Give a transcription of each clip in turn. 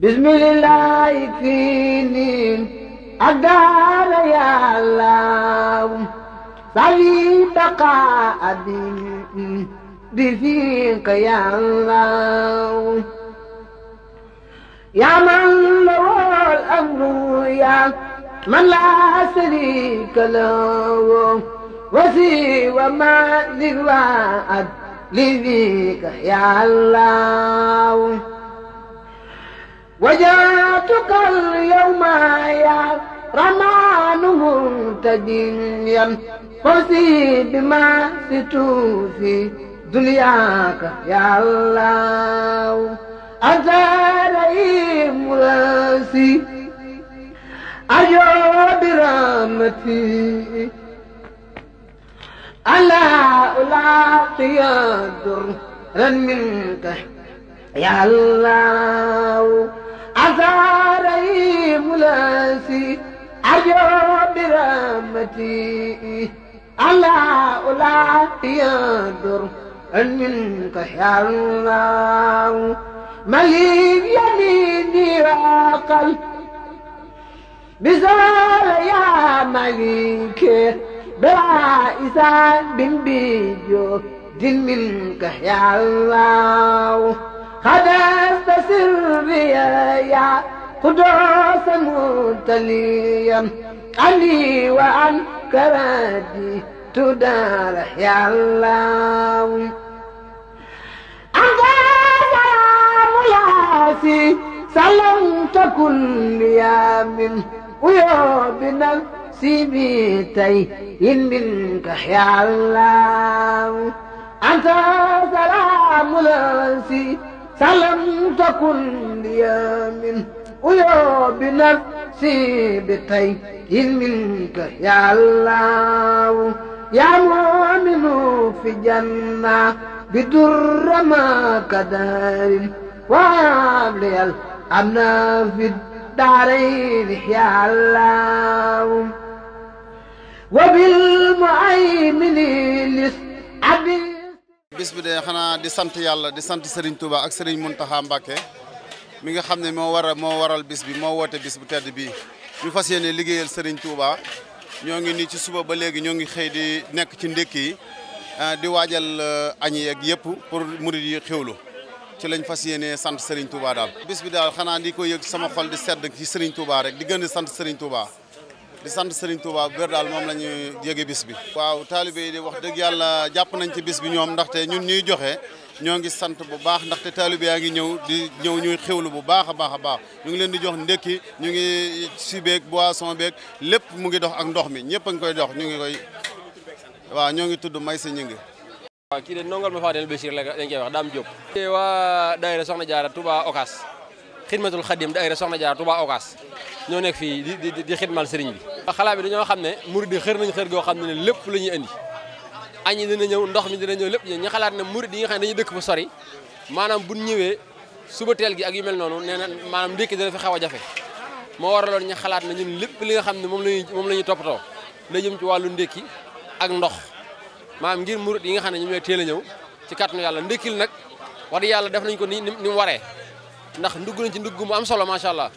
bismillah fii nii ak daara yàllaaw sali baqa abi bi fiq yàllaaw yaa man lawal amru yaa man laa sharika lahu wasi wa li fiq yàllaaw وجاتك اليوم يا رمان منتجيا خذي بما ستوفي دنياك يا الله أزاري مراسي أيو برامتي ألا ألاقي الدر منك يا الله رحمتي ألا أولا يدر أن منك يا الله مليك يميني وأقل بزار يا مليك بلا إسان بن بيجو دين منك يا الله خدست سري يا قدوس متليا عني وعن كرادي تدار يا الله أنت سلام ياسي سلمت كل يوم ويا بنفسي بيتي منك يا الله أنت سلام ياسي سلمت كل يوم ويا بنفسي بيتي إذ منك يا الله يا مؤمن في جنة بدر ما كدار وابلي الأمن في الدارين يا الله وبالمؤمن لس أبي bis bi de xanaa di sant yàlla di sant Serigne Touba ak Serigne Mountakha Mbacké mi nga xam ne moo war a waral bis bi moo woote bis bu tedd bii ñu fas yéene liggéeyal Serigne Touba ñoo ngi nii ci suba ba léegi ñoo ngi xëy di nekk ci ndékki yi ah, di waajal eh, añ yeeg yëpp pour murid yi xewlu ci lañ fas yéene sant Serigne Touba daal. bis bi daal xanaa di ko yëg sama xol di sedd ci Serigne Touba rek di gën di sant Serigne Touba di sant Serigne Touba bu wér daal moom lañu ñu bis bi. waaw taalibe di wax dëgg yàlla jàpp nañ ci bis bi ñoom ndaxte ñun ñuy joxe. ñoo ngi sant bu baax ndaxte taalibe yaa ngi ñëw di ñëw ñuy xewlu bu baax a baax a baax ñu ngi leen di jox ndékki ñu ngi si beeg boisson beeg lépp mu ngi dox ak ndox mi ñëpp a ngi koy dox ñu ngi koy waa ñoo ngi tudd may sa ñu ngi waaw kii de nongal ma fa Bachir la dañ koy wax Dame Diop waa daayira Soxna Jaara Touba Okas xidmatul xadim daayira Soxna Jaara Touba Okas ñoo nekk fii di di xidmal sëriñ bi xalaa bi dañoo xam ne mu yi xër nañ xër goo xam ne lépp la ñuy indi añ yi dina ñëw ndox mi dina ñëw lépp ñu xalaat ne murid yi nga xam ne dëkk fa sori maanaam bu ñëwee suba teel gi ak yu mel noonu nee na maanaam ndékki dina fi xaw a jafe moo waraloon ñu xalaat ne ñun lépp li nga xam ne moom lañuy moom la ñuy toppatoo la jëm ci wàllu ndékki ak ndox maanaam ngir murid yi nga xam ne ñu ñooy teel a ñëw ci kàttanu yàlla ndekkil nag wax yàlla def nañ ko ni ni mu waree ndax ndugg nañ ci ndugg mu am solo macha allah.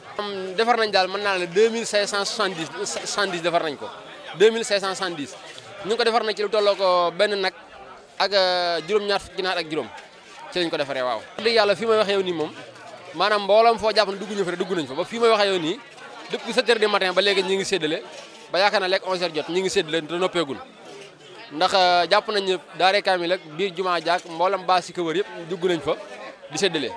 defar nañ daal mën naa la 2570 70 defar nañ ko 2570 ñu ko defar na ci lu tolloo ko benn nag ak euh, juróom-ñaar fukki ak juróom ci lañ ko defaree waaw. dëgg yàlla fi ma wax yow nii moom maanaam mbooloom foo jàpp ne dugg ñu fa dugg nañ fa ba fii may wax yow nii depuis 7 heures du ba léegi ñu ngi séddale ba yaakaar na léegi 11 heures jot ñu ngi séddale te noppeegul ndax euh, jàpp nañ ne daare kaamil ak biir jumaa jaak mboolam baas yi ko wër yëpp dugg nañ fa di séddale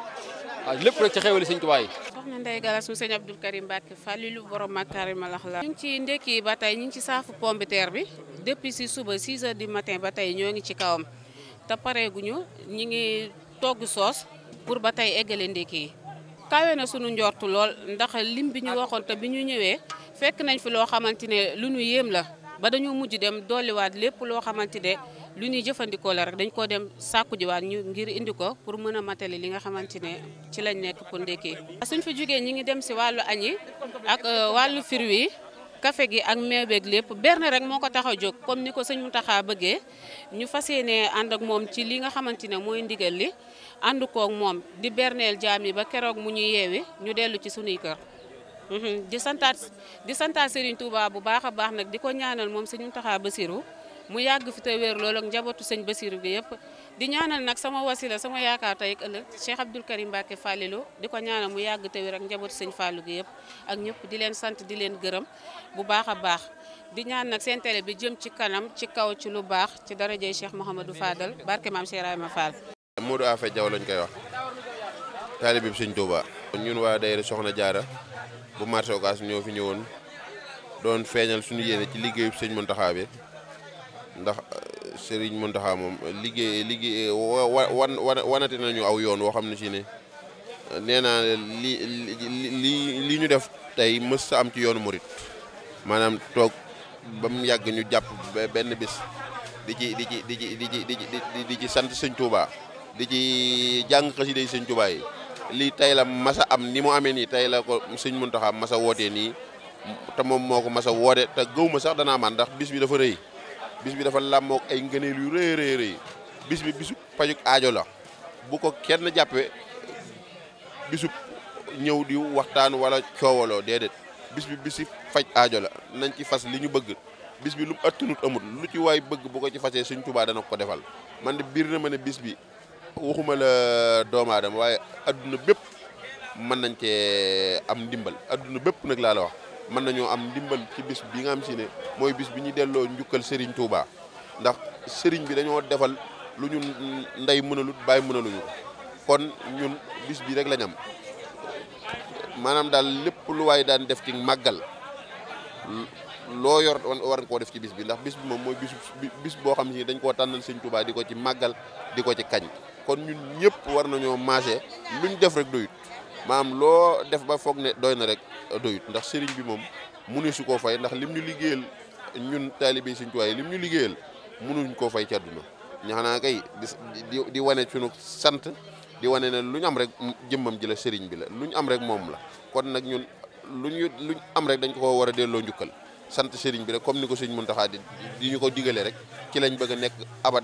waaw ah, lépp rek ci xéewali sëñ Tuubaa yi soxna Ndeye Galas mu sëñ Abdou Karim Mbacke Falilu borom Makarima lax la ñu ngi ci ndekki ba tey ñu ngi ci saafu pombiteer bi depuis si suba 6 heures du matin ba tey ñoo ngi ci kawam te pareeguñu ñu ngi togg soos pour ba tey eggale ndekki yi kawe na sunu njortu lool ndax lim bi ñu waxoon bi ñu ñëwee fekk nañ fi loo xamante ne lu ñu yéem la ba dañoo mujj dem dolliwaat lépp loo xamante ne lu ñuy jëfandikoo la rek dañ koo dem sàkku jiwaat ñu ngir indi ko pour mën a matali li nga xamante ne ci lañ nekk pour ndékkee suñ fa jógee ñu ngi dem si wàllu añ yi ak euh, wàllu fruits yi café gi ak meew beeg lépp berne rek moo ko tax a jóg comme ni ko sëñ Mountakha bëggee ñu fas yéene ànd ak moom ci li nga xamante ne mooy ndigal li ànd koog moom di berneel jaam yi ba keroog mu ñuy yeewi ñu dellu ci sunuy kër mhm, di santaat di santaat Serigne bu baax a baax nag di ko ñaanal moom sëñ Mountakha Bassirou mu yàgg fi te wéer loolu ak njabootu sëñ Basiru bi yëpp di ñaanal nag sama wasila sama yaakaar tey ak ëllëg Cheikh Abdoul Karim Mbacké Fallilou di ko ñaanal mu yàgg te wéer ak njabootu sëñ Fallou gi yëpp ak ñëpp di leen sant di leen gërëm bu baax a baax di ñaan nag seen télé bi jëm ci kanam ci kaw ci lu baax ci darajey Cheikh Mouhamadou Fadal barke maam Cheikh Rahima Fall Modou Afe Diaw lañ koy wax taalibib sëñ Touba ñun waa daayira Soxna Jaara bu marché Ocass ñoo ñëwoon doon feeñal suñu yéene ci liggéeyub sëñ Mountakha ndax euh, Serigne Mountakha moom liggéey liggéey wa wan wanate nañu aw yoon woo xam ne si ne nee naa li li li ñu def tey mës sa am ci yoonu murit maanaam toog ba mu yàgg ñu jàpp benn bis di ci di ci di ci di ci di ci sant sëñ Touba di ci jàng xasida yi sëñ Touba yi lii tey la masa am ni mu amee nii tey la ko sëñ Mountakha masa wootee nii te moom moo ko masa woote te gëw ma sax danaa man ndax bis bi dafa rëy bis bi dafa làmmoog ay ngëneel yu rëy rëy rëy bis bisu pajuk aajo la bu ko kenn jàppee bisu ñëw di waxtaan wala coowaloo déedéet bis bi bisi faj aajo la nañ ci fas li ñu bëgg bis bi lu mu lu ci waay bëgg bu ko ci fasee suñ tubaa dana ko defal man de biir na ma ne bis bi waxuma la doomu aadama waaye adduna bépp mën nañ cee am ndimbal adduna bépp nag laa la wax mën nañoo am ndimbal ci bis bi nga xam si ne mooy bis bi ñu delloo njukkal Serigne Touba ndax sëriñ bi dañoo defal lu ñu ndey mënalut bàyyi mënaluñu kon ñun bis bi rek lañ am maanaam daal lépp lu waay daan def ci màggal loo yor war nga koo def ci bis bi ndax bis bi moom mooy bis bis boo xam si dañ koo tànnal Serigne Touba di ko ci màggal di ko ci kañ kon ñun ñëpp war nañoo maase luñ def rek doyut maam loo def ba foog ne doy na rek doyut ndax sëriñ bi moom munu su koo fay ndax lim ñu liggéeyal ñun taalibe Sëriñ Tuubaa yi lim ñu liggéeyal munuñ koo fay ci àdduna ñax naa kay di di wane sunu sant di wane ne lu ñu am rek jëmmam ji la bi la lu ñu am rek moom la kon nag ñun lu ñu lu am rek dañ ko war a delloo njukkal sant sëriñ bi rek comme ni ko sëriñ Muntaxa di di ñu ko digale rek ci lañ bëgg a nekk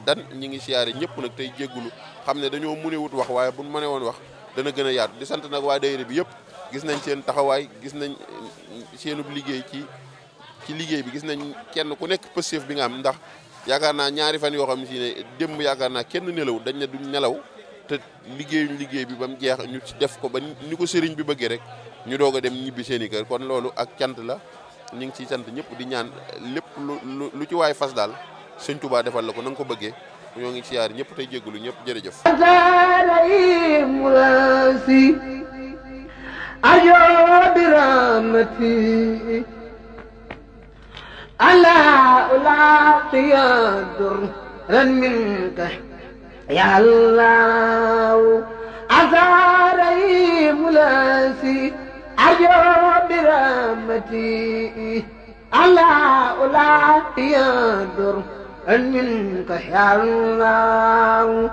dan ñi ngi siyaare ñëpp nag tey jéggulu xam ne dañoo wut wax waaye buñ mëne woon wax dana gën a yaat di sant nag waa daayira bi yëpp gis nañ seen taxawaay gis nañ eh, seenub liggéey ci ci liggéey bi gis nañ kenn ku nekk pëstéef bi nga am ndax yaakaar naa ñaari fan yoo xam si ne démb yaakaar naa kenn nelaw dañ ne duñ nelaw te liggéeyuñ liggéey bi ba mu jeex ñu ci def ko ba ni ko sëriñ bi bëggee rek ñu doog a dem ñibbi seen i kër kon loolu ak cant la ñu ngi ciy sant ñëpp di ñaan lépp lu lu ci waay fas daal sëñ Tuubaa defal la ko na ko bëggee ñoo ngi ci yaar ñëpp tey jégalu ñëpp jërëjëf. أيوب برامتي ألا ألاقي درا منك يا الله أزاري ملاسي أيوب برامتي ألا ألاقي درا أن منك يا الله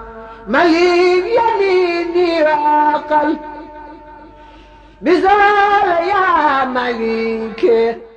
مليك يميني وعقل بزار يا مليك